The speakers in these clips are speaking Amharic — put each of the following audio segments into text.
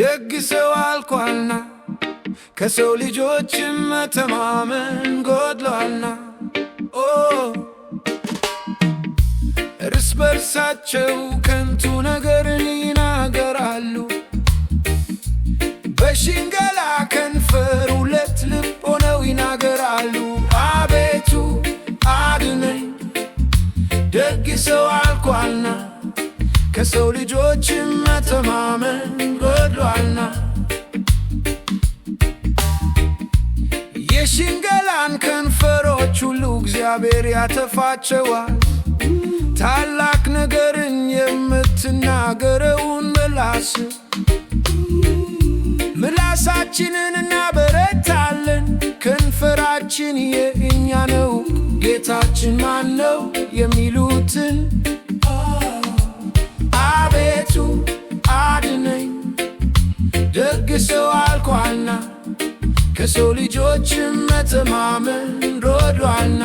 ደግ ሰው አልኳልና ከሰው ልጆችም መተማመን ጎድሏልና ኦ እርስ በርሳቸው ከንቱ ነገርን ይናገራሉ። በሽንገላ ከንፈር ሁለት ልብ ሆነው ይናገራሉ። አቤቱ አድነኝ፣ ደግ ሰው አልኳልና ከሰው ልጆች መተማመን ጎድሏልና የሽንገላን ከንፈሮች ሁሉ እግዚአብሔር ያተፋቸዋል። ታላቅ ነገርን የምትናገረውን ምላስ ምላሳችንን እናበረታለን። ከንፈራችን የእኛ ነው። ጌታችን ማን ነው የሚሉትን ሰው አልኳልና ከሰው ልጆች መተማመን ሮዷልና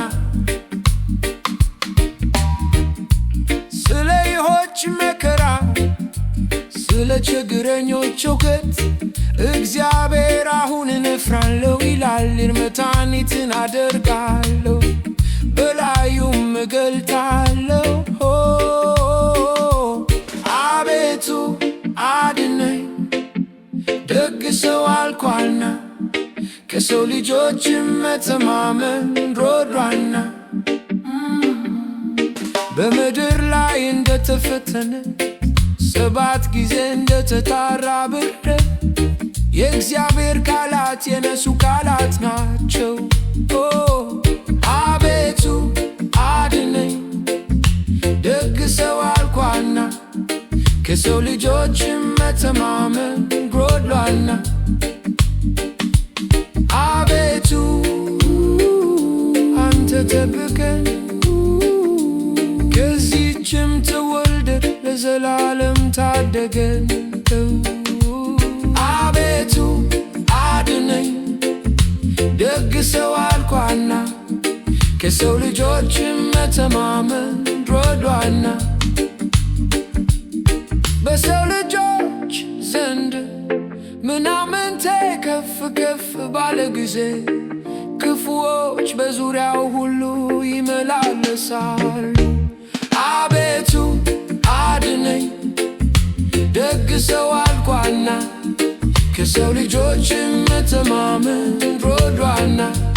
ስለ ይሆች መከራ ስለ ችግረኞች እውቀት እግዚአብሔር አሁን እነፍራለሁ ይላል። እርመታኒትን አደርጋለሁ በላዩም እገልጣለሁ ሰው አልኳልና ከሰው ልጆችም መተማመን ሮሯና በምድር ላይ እንደተፈተነ ሰባት ጊዜ እንደተጣራ ብር የእግዚአብሔር ቃላት የነሱ ቃላት ናት። ከሰው ልጆችን መተማመን ጎድሏልና አቤቱ አንተ ጠብቀን ከዚህችም ትውልድ ለዘላለም ታደገን። አቤቱ አድነኝ ደግ ሰው አልኳና ከሰው ልጆችን መተማመን ጎድሏልና በሰው ልጆች ዘንድ ምናምንቴ ከፍ ከፍ ባለ ጊዜ ክፉዎች በዙሪያው ሁሉ ይመላለሳሉ። አቤቱ አድነኝ፣ ደግ ሰው አልቋና ከሰው ልጆችም መተማመን ሮዷና